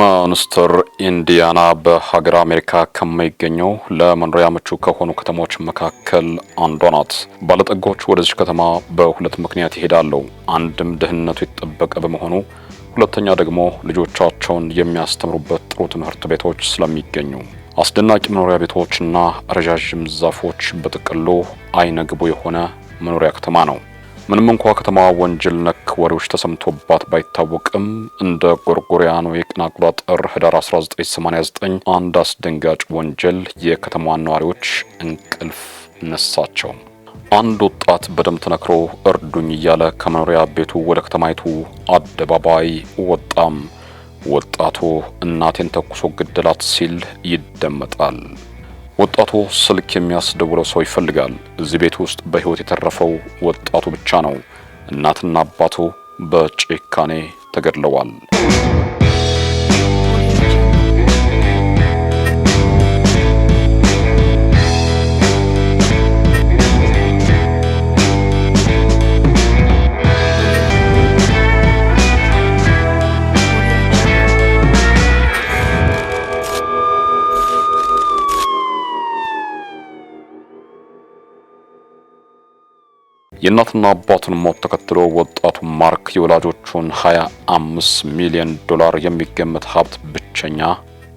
ማንስተር ኢንዲያና በሀገር አሜሪካ ከሚገኘው ለመኖሪያ ምቹ ከሆኑ ከተሞች መካከል አንዷ ናት። ባለጠጎች ወደዚች ከተማ በሁለት ምክንያት ይሄዳሉ። አንድም ድህነቱ የተጠበቀ በመሆኑ፣ ሁለተኛ ደግሞ ልጆቻቸውን የሚያስተምሩበት ጥሩ ትምህርት ቤቶች ስለሚገኙ። አስደናቂ መኖሪያ ቤቶችና ረዣዥም ዛፎች፣ በጥቅሉ አይነ ግቡ የሆነ መኖሪያ ከተማ ነው። ምንም እንኳ ከተማዋ ወንጀል ነክ ወሬዎች ተሰምቶባት ባይታወቅም እንደ ጎርጎሪያኑ የቀን አቆጣጠር ህዳር 1989 አንድ አስደንጋጭ ወንጀል የከተማዋን ነዋሪዎች እንቅልፍ ነሳቸው። አንድ ወጣት በደም ተነክሮ እርዱኝ እያለ ከመኖሪያ ቤቱ ወደ ከተማይቱ አደባባይ ወጣም። ወጣቱ እናቴን ተኩሶ ግደላት ሲል ይደመጣል። ወጣቱ ስልክ የሚያስደውለው ሰው ይፈልጋል። እዚህ ቤት ውስጥ በህይወት የተረፈው ወጣቱ ብቻ ነው። እናትና አባቱ በጭካኔ ተገድለዋል። የእናትና አባትን ሞት ተከትሎ ወጣቱ ማርክ የወላጆቹን 25 ሚሊዮን ዶላር የሚገመት ሀብት ብቸኛ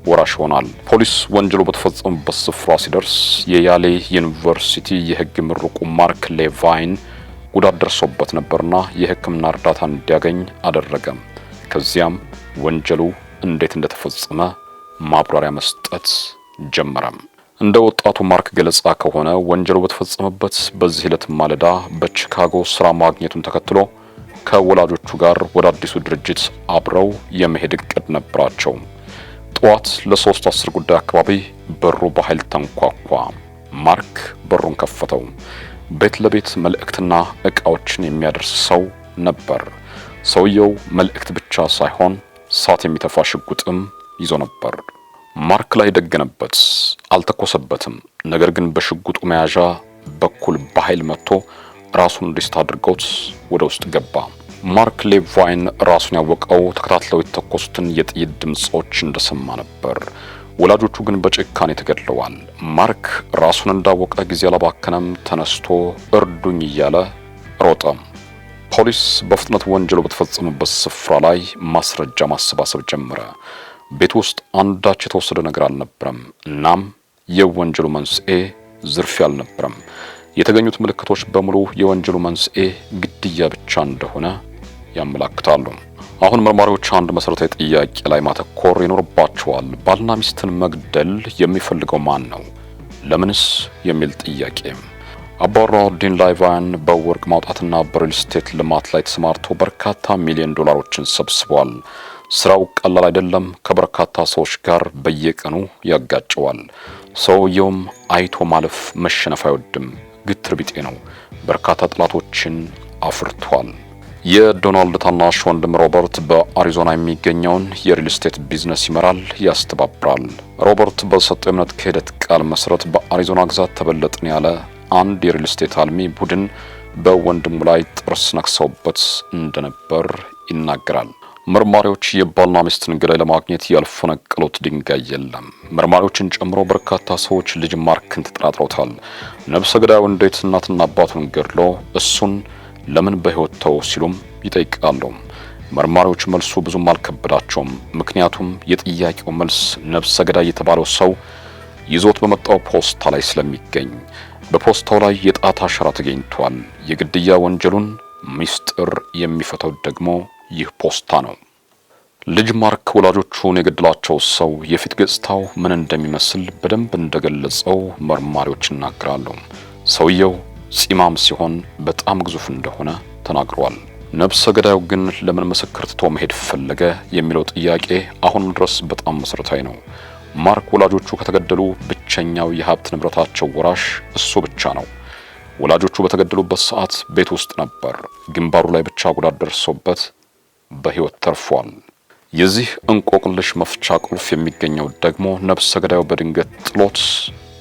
ወራሽ ይሆናል። ፖሊስ ወንጀሉ በተፈጸመበት ስፍራ ሲደርስ የያሌ ዩኒቨርሲቲ የህግ ምሩቁ ማርክ ሌቫይን ጉዳት ደርሶበት ነበርና የህክምና እርዳታ እንዲያገኝ አደረገም። ከዚያም ወንጀሉ እንዴት እንደተፈጸመ ማብራሪያ መስጠት ጀመረም። እንደ ወጣቱ ማርክ ገለጻ ከሆነ ወንጀሉ በተፈጸመበት በዚህ ዕለት ማለዳ በቺካጎ ስራ ማግኘቱን ተከትሎ ከወላጆቹ ጋር ወደ አዲሱ ድርጅት አብረው የመሄድ እቅድ ነበራቸው። ጠዋት ለሶስት አስር ጉዳይ አካባቢ በሩ በኃይል ተንኳኳ። ማርክ በሩን ከፈተው። ቤት ለቤት መልእክትና እቃዎችን የሚያደርስ ሰው ነበር። ሰውየው መልእክት ብቻ ሳይሆን ሳት የሚተፋ ሽጉጥም ይዞ ነበር። ማርክ ላይ ደገነበት፣ አልተኮሰበትም። ነገር ግን በሽጉጡ መያዣ በኩል በኃይል መጥቶ ራሱን ዲስት አድርገውት ወደ ውስጥ ገባ። ማርክ ሌቫይን ራሱን ያወቀው ተከታትለው የተኮሱትን የጥይት ድምፆች እንደሰማ ነበር። ወላጆቹ ግን በጭካኔ ተገድለዋል። ማርክ ራሱን እንዳወቀ ጊዜ አላባከነም። ተነስቶ እርዱኝ እያለ ሮጠ። ፖሊስ በፍጥነት ወንጀሉ በተፈጸመበት ስፍራ ላይ ማስረጃ ማሰባሰብ ጀመረ። ቤት ውስጥ አንዳች የተወሰደ ነገር አልነበረም። እናም የወንጀሉ መንስኤ ዝርፊያ አልነበረም። የተገኙት ምልክቶች በሙሉ የወንጀሉ መንስኤ ግድያ ብቻ እንደሆነ ያመላክታሉ። አሁን መርማሪዎች አንድ መሰረታዊ ጥያቄ ላይ ማተኮር ይኖርባቸዋል። ባልና ሚስትን መግደል የሚፈልገው ማን ነው? ለምንስ? የሚል ጥያቄ አባወራው ዲን ላይቫን በወርቅ ማውጣትና በሪል ስቴት ልማት ላይ ተሰማርቶ በርካታ ሚሊዮን ዶላሮችን ሰብስቧል። ስራው ቀላል አይደለም። ከበርካታ ሰዎች ጋር በየቀኑ ያጋጨዋል። ሰውየውም አይቶ ማለፍ መሸነፍ አይወድም፣ ግትር ቢጤ ነው። በርካታ ጠላቶችን አፍርቷል። የዶናልድ ታናሽ ወንድም ሮበርት በአሪዞና የሚገኘውን የሪል ስቴት ቢዝነስ ይመራል፣ ያስተባብራል። ሮበርት በሰጠው የእምነት ክህደት ቃል መሰረት በአሪዞና ግዛት ተበለጥን ያለ አንድ የሪል ስቴት አልሚ ቡድን በወንድሙ ላይ ጥርስ ነክሰውበት እንደነበር ይናገራል። መርማሪዎች የባልና ሚስትን ገዳይ ለማግኘት ያልፈነቀሉት ድንጋይ የለም። መርማሪዎችን ጨምሮ በርካታ ሰዎች ልጅ ማርክን ተጠራጥረውታል። ነብሰ ገዳዩ እንዴት እናትና አባቱን ገድሎ እሱን ለምን በሕይወት ተው ሲሉም ይጠይቃሉ። መርማሪዎች መልሱ ብዙም አልከበዳቸውም። ምክንያቱም የጥያቄው መልስ ነብሰ ገዳይ የተባለው ሰው ይዞት በመጣው ፖስታ ላይ ስለሚገኝ በፖስታው ላይ የጣት አሻራ ተገኝቷል። የግድያ ወንጀሉን ሚስጥር የሚፈተው ደግሞ ይህ ፖስታ ነው። ልጅ ማርክ ወላጆቹን የገደላቸው ሰው የፊት ገጽታው ምን እንደሚመስል በደንብ እንደገለጸው መርማሪዎች ይናገራሉ። ሰውየው ፂማም ሲሆን በጣም ግዙፍ እንደሆነ ተናግረዋል። ነብሰ ገዳዩ ግን ለምን ምስክር ትቶ መሄድ ፈለገ የሚለው ጥያቄ አሁንም ድረስ በጣም መሰረታዊ ነው። ማርክ ወላጆቹ ከተገደሉ ብቸኛው የሀብት ንብረታቸው ወራሽ እሱ ብቻ ነው። ወላጆቹ በተገደሉበት ሰዓት ቤት ውስጥ ነበር። ግንባሩ ላይ ብቻ ጉዳት ደርሶበት በሕይወት ተርፏል። የዚህ እንቆቅልሽ መፍቻ ቁልፍ የሚገኘው ደግሞ ነብሰ ገዳዩ በድንገት ጥሎት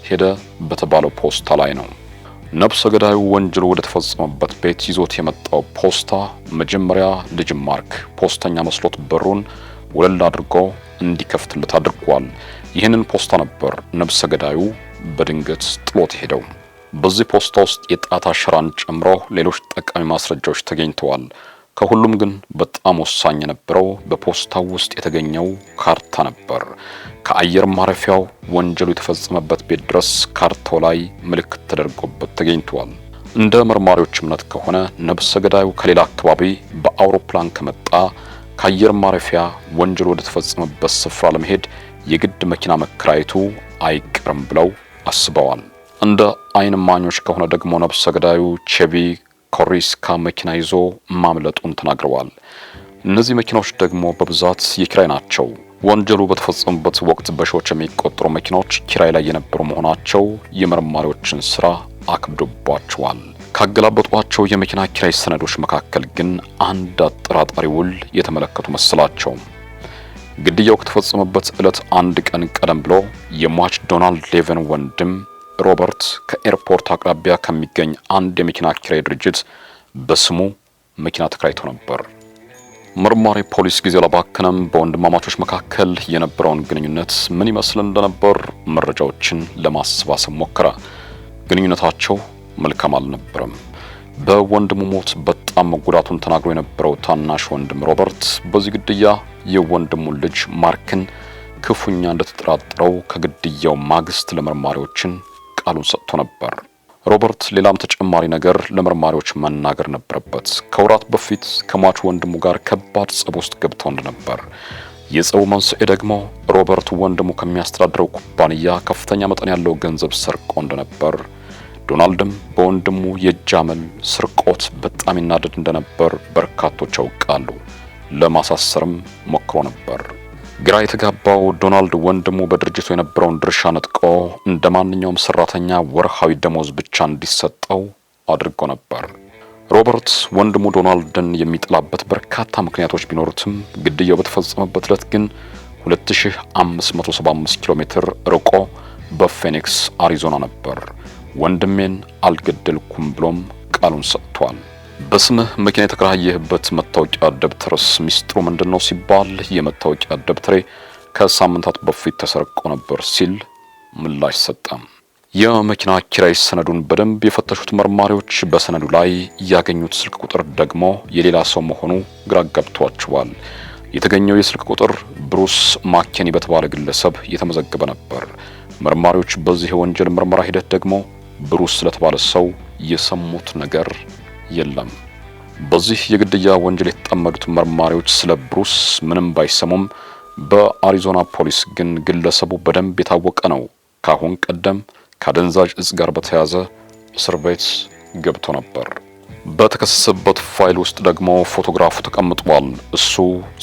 ሄደ በተባለው ፖስታ ላይ ነው። ነብሰ ገዳዩ ወንጀሉ ወደ ተፈጸመበት ቤት ይዞት የመጣው ፖስታ መጀመሪያ ልጅ ማርክ ፖስተኛ መስሎት በሩን ወለል አድርጎ እንዲከፍትለት አድርጓል። ይህንን ፖስታ ነበር ነብሰ ገዳዩ በድንገት ጥሎት ሄደው። በዚህ ፖስታ ውስጥ የጣት አሻራን ጨምሮ ሌሎች ጠቃሚ ማስረጃዎች ተገኝተዋል። ከሁሉም ግን በጣም ወሳኝ የነበረው በፖስታው ውስጥ የተገኘው ካርታ ነበር። ከአየር ማረፊያው ወንጀሉ የተፈጸመበት ቤት ድረስ ካርታው ላይ ምልክት ተደርጎበት ተገኝቷል። እንደ መርማሪዎች እምነት ከሆነ ነብሰ ገዳዩ ከሌላ አካባቢ በአውሮፕላን ከመጣ ከአየር ማረፊያ ወንጀሉ ወደ ተፈጸመበት ስፍራ ለመሄድ የግድ መኪና መከራየቱ አይቀርም ብለው አስበዋል። እንደ አይን ማኞች ከሆነ ደግሞ ነብሰ ገዳዩ ቼቢ ኮሪስካ መኪና ይዞ ማምለጡን ተናግረዋል። እነዚህ መኪናዎች ደግሞ በብዛት የኪራይ ናቸው። ወንጀሉ በተፈጸሙበት ወቅት በሺዎች የሚቆጠሩ መኪናዎች ኪራይ ላይ የነበሩ መሆናቸው የመርማሪዎችን ስራ አክብዶባቸዋል። ካገላበጧቸው የመኪና ኪራይ ሰነዶች መካከል ግን አንድ አጠራጣሪ ውል የተመለከቱ መሰላቸው። ግድያው ከተፈጸመበት ዕለት አንድ ቀን ቀደም ብሎ የሟች ዶናልድ ሌቨን ወንድም ሮበርት ከኤርፖርት አቅራቢያ ከሚገኝ አንድ የመኪና ኪራይ ድርጅት በስሙ መኪና ተከራይቶ ነበር። ምርማሪ ፖሊስ ጊዜ ለባከነም በወንድማማቾች መካከል የነበረውን ግንኙነት ምን ይመስል እንደነበር መረጃዎችን ለማሰባሰብ ሞከረ። ግንኙነታቸው መልካም አልነበረም። በወንድሙ ሞት በጣም መጎዳቱን ተናግሮ የነበረው ታናሽ ወንድም ሮበርት በዚህ ግድያ የወንድሙን ልጅ ማርክን ክፉኛ እንደተጠራጠረው ከግድያው ማግስት ለመርማሪዎችን ቃሉን ሰጥቶ ነበር። ሮበርት ሌላም ተጨማሪ ነገር ለመርማሪዎች መናገር ነበረበት። ከወራት በፊት ከሟቹ ወንድሙ ጋር ከባድ ጸብ ውስጥ ገብተው እንደነበር የጸቡ መንስኤ ደግሞ ሮበርት ወንድሙ ከሚያስተዳድረው ኩባንያ ከፍተኛ መጠን ያለው ገንዘብ ሰርቆ እንደነበር፣ ዶናልድም በወንድሙ የእጅ አመል ስርቆት በጣም ይናደድ እንደነበር በርካቶች ያውቃሉ። ለማሳሰርም ሞክሮ ነበር። ግራ የተጋባው ዶናልድ ወንድሙ በድርጅቱ የነበረውን ድርሻ ነጥቆ እንደ ማንኛውም ሰራተኛ ወርሃዊ ደሞዝ ብቻ እንዲሰጠው አድርጎ ነበር። ሮበርት ወንድሙ ዶናልድን የሚጠላበት በርካታ ምክንያቶች ቢኖሩትም ግድያው በተፈጸመበት ዕለት ግን 2575 ኪሎ ሜትር ርቆ በፌኒክስ አሪዞና ነበር። ወንድሜን አልገደልኩም ብሎም ቃሉን ሰጥቷል። በስምህ መኪና የተከራየህበት መታወቂያ ደብተርስ ሚስጥሩ ምንድን ነው ሲባል የመታወቂያ ደብተሬ ከሳምንታት በፊት ተሰርቆ ነበር ሲል ምላሽ ሰጠ። የመኪና ኪራይ ሰነዱን በደንብ የፈተሹት መርማሪዎች በሰነዱ ላይ ያገኙት ስልክ ቁጥር ደግሞ የሌላ ሰው መሆኑ ግራ ገብቷቸዋል። የተገኘው የስልክ ቁጥር ብሩስ ማኬኒ በተባለ ግለሰብ የተመዘገበ ነበር። መርማሪዎች በዚህ የወንጀል ምርመራ ሂደት ደግሞ ብሩስ ስለተባለ ሰው የሰሙት ነገር የለም። በዚህ የግድያ ወንጀል የተጠመዱት መርማሪዎች ስለ ብሩስ ምንም ባይሰሙም በአሪዞና ፖሊስ ግን ግለሰቡ በደንብ የታወቀ ነው። ካሁን ቀደም ከአደንዛዥ እጽ ጋር በተያያዘ እስር ቤት ገብቶ ነበር። በተከሰሰበት ፋይል ውስጥ ደግሞ ፎቶግራፉ ተቀምጧል። እሱ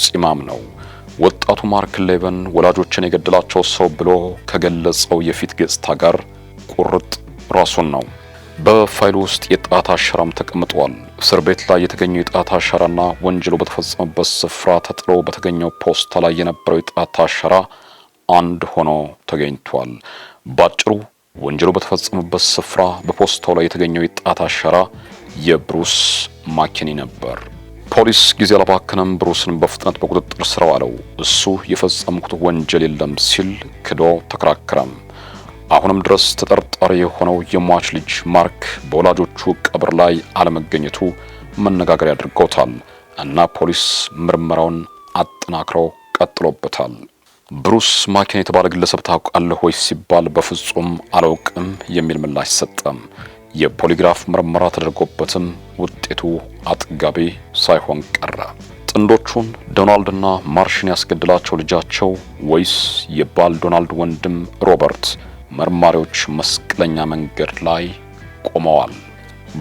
ፂማም ነው። ወጣቱ ማርክ ሌቨን ወላጆችን የገደላቸው ሰው ብሎ ከገለጸው የፊት ገጽታ ጋር ቁርጥ ራሱን ነው። በፋይሉ ውስጥ የጣት አሻራም ተቀምጧል። እስር ቤት ላይ የተገኘው የጣት አሻራና ወንጀሉ በተፈጸመበት ስፍራ ተጥሎ በተገኘው ፖስታ ላይ የነበረው የጣት አሻራ አንድ ሆኖ ተገኝቷል። ባጭሩ ወንጀሉ በተፈጸመበት ስፍራ በፖስታው ላይ የተገኘው የጣት አሻራ የብሩስ ማኪኒ ነበር። ፖሊስ ጊዜ አላባከነም። ብሩስን በፍጥነት በቁጥጥር ስር አዋለው። እሱ የፈጸምኩት ወንጀል የለም ሲል ክዶ ተከራከረም። አሁንም ድረስ ተጠርጣሪ የሆነው የሟች ልጅ ማርክ በወላጆቹ ቀብር ላይ አለመገኘቱ መነጋገሪያ አድርጎታል እና ፖሊስ ምርመራውን አጠናክረው ቀጥሎበታል። ብሩስ ማኪን የተባለ ግለሰብ ታውቃለህ ወይ ሲባል በፍጹም አላውቅም የሚል ምላሽ ሰጠም። የፖሊግራፍ ምርመራ ተደርጎበትም ውጤቱ አጥጋቢ ሳይሆን ቀረ። ጥንዶቹን ዶናልድና ማርሽን ያስገድላቸው ልጃቸው ወይስ የባል ዶናልድ ወንድም ሮበርት መርማሪዎች መስቀለኛ መንገድ ላይ ቆመዋል።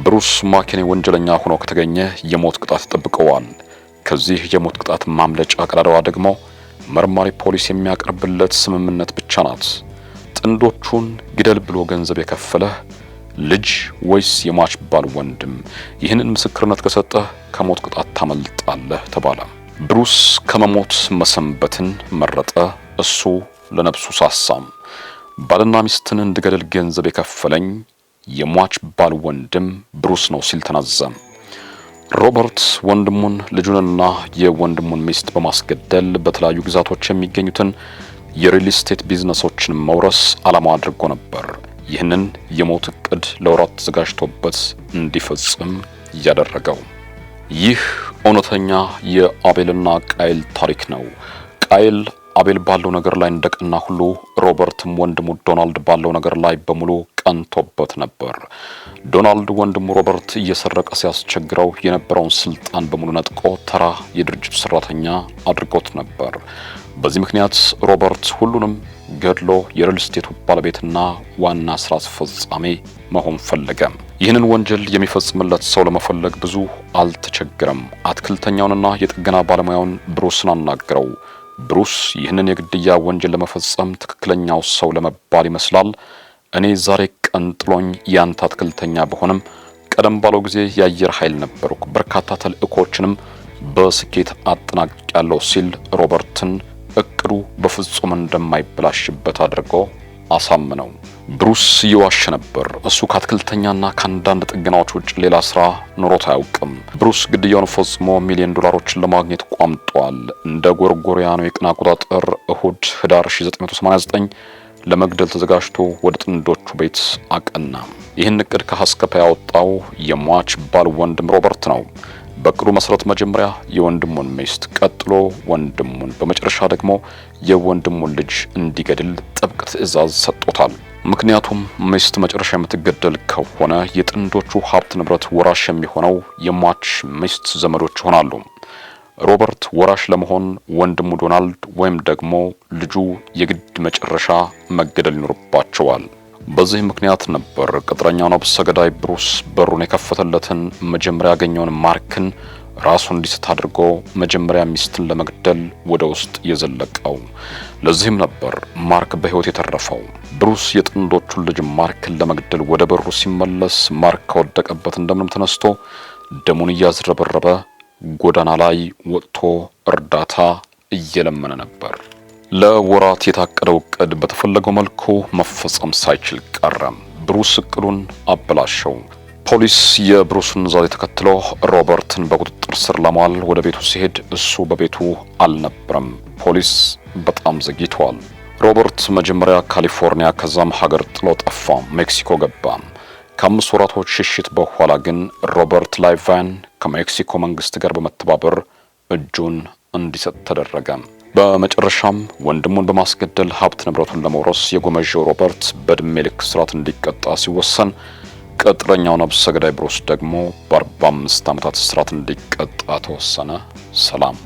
ብሩስ ማኪኔ ወንጀለኛ ሆኖ ከተገኘ የሞት ቅጣት ጠብቀዋል። ከዚህ የሞት ቅጣት ማምለጫ ቀዳዳዋ ደግሞ መርማሪ ፖሊስ የሚያቀርብለት ስምምነት ብቻ ናት። ጥንዶቹን ግደል ብሎ ገንዘብ የከፈለህ ልጅ ወይስ የሟች ባል ወንድም ይህንን ምስክርነት ከሰጠህ ከሞት ቅጣት ታመልጣለህ ተባለ። ብሩስ ከመሞት መሰንበትን መረጠ። እሱ ለነብሱ ሳሳም ባልና ሚስትን እንድገድል ገንዘብ የከፈለኝ የሟች ባል ወንድም ብሩስ ነው ሲል ተናዘ። ሮበርት ወንድሙን ልጁንና የወንድሙን ሚስት በማስገደል በተለያዩ ግዛቶች የሚገኙትን የሪል ስቴት ቢዝነሶችን መውረስ ዓላማው አድርጎ ነበር። ይህንን የሞት እቅድ ለወራት ተዘጋጅቶበት እንዲፈጽም ያደረገው ይህ እውነተኛ የአቤልና ቃይል ታሪክ ነው። ቃይል አቤል ባለው ነገር ላይ እንደቀና ሁሉ ሮበርትም ወንድሙ ዶናልድ ባለው ነገር ላይ በሙሉ ቀንቶበት ነበር። ዶናልድ ወንድሙ ሮበርት እየሰረቀ ሲያስቸግረው የነበረውን ስልጣን በሙሉ ነጥቆ ተራ የድርጅቱ ሰራተኛ አድርጎት ነበር። በዚህ ምክንያት ሮበርት ሁሉንም ገድሎ የሪል ስቴቱ ባለቤትና ዋና ስራ አስፈጻሚ መሆን ፈለገ። ይህንን ወንጀል የሚፈጽምለት ሰው ለመፈለግ ብዙ አልተቸገረም። አትክልተኛውንና የጥገና ባለሙያውን ብሩስን አናገረው። ብሩስ ይህንን የግድያ ወንጀል ለመፈጸም ትክክለኛው ሰው ለመባል ይመስላል። እኔ ዛሬ ቀን ጥሎኝ ያንተ አትክልተኛ በሆንም ቀደም ባለው ጊዜ የአየር ኃይል ነበርኩ። በርካታ ተልእኮችንም በስኬት ያለው ሲል ሮበርትን እቅዱ በፍጹም እንደማይበላሽበት አድርጎ አሳምነው ብሩስ እየዋሸ ነበር። እሱ ከአትክልተኛና ከአንዳንድ ጥገናዎች ውጭ ሌላ ስራ ኑሮት አያውቅም። ብሩስ ግድያውን ፈጽሞ ሚሊዮን ዶላሮችን ለማግኘት ቋምጧል። እንደ ጎርጎሪያኑ የቀን አቆጣጠር እሁድ ህዳር 1989 ለመግደል ተዘጋጅቶ ወደ ጥንዶቹ ቤት አቀና። ይህን እቅድ ከሀስከፋ ያወጣው የሟች ባል ወንድም ሮበርት ነው። በቅሩ መሰረት መጀመሪያ የወንድሙን ሚስት ቀጥሎ ወንድሙን በመጨረሻ ደግሞ የወንድሙን ልጅ እንዲገድል ጥብቅ ትዕዛዝ ሰጥቶታል። ምክንያቱም ሚስት መጨረሻ የምትገደል ከሆነ የጥንዶቹ ሀብት ንብረት ወራሽ የሚሆነው የሟች ሚስት ዘመዶች ይሆናሉ። ሮበርት ወራሽ ለመሆን ወንድሙ ዶናልድ ወይም ደግሞ ልጁ የግድ መጨረሻ መገደል ይኖርባቸዋል። በዚህ ምክንያት ነበር ቅጥረኛው ነብሰ ገዳይ ብሩስ በሩን የከፈተለትን መጀመሪያ ያገኘውን ማርክን ራሱ እንዲስት አድርጎ መጀመሪያ ሚስትን ለመግደል ወደ ውስጥ የዘለቀው። ለዚህም ነበር ማርክ በሕይወት የተረፈው። ብሩስ የጥንዶቹን ልጅ ማርክን ለመግደል ወደ በሩ ሲመለስ ማርክ ከወደቀበት እንደምንም ተነስቶ ደሙን እያዝረበረበ ጎዳና ላይ ወጥቶ እርዳታ እየለመነ ነበር። ለወራት የታቀደው እቅድ በተፈለገው መልኩ መፈጸም ሳይችል ቀረም። ብሩስ እቅዱን አበላሸው። ፖሊስ የብሩስን ዛዜ ተከትሎ ሮበርትን በቁጥጥር ስር ለማዋል ወደ ቤቱ ሲሄድ እሱ በቤቱ አልነበረም። ፖሊስ በጣም ዘግይተዋል። ሮበርት መጀመሪያ ካሊፎርኒያ ከዛም ሀገር ጥሎ ጠፋ፣ ሜክሲኮ ገባ። ከአምስት ወራቶች ሽሽት በኋላ ግን ሮበርት ላይቫን ከሜክሲኮ መንግስት ጋር በመተባበር እጁን እንዲሰጥ ተደረገ። በመጨረሻም ወንድሙን በማስገደል ሀብት ንብረቱን ለመውረስ የጎመዣው ሮበርት በዕድሜ ልክ እስራት እንዲቀጣ ሲወሰን ቅጥረኛው ነፍሰ ገዳይ ብሩስ ደግሞ በ45 ዓመታት እስራት እንዲቀጣ ተወሰነ። ሰላም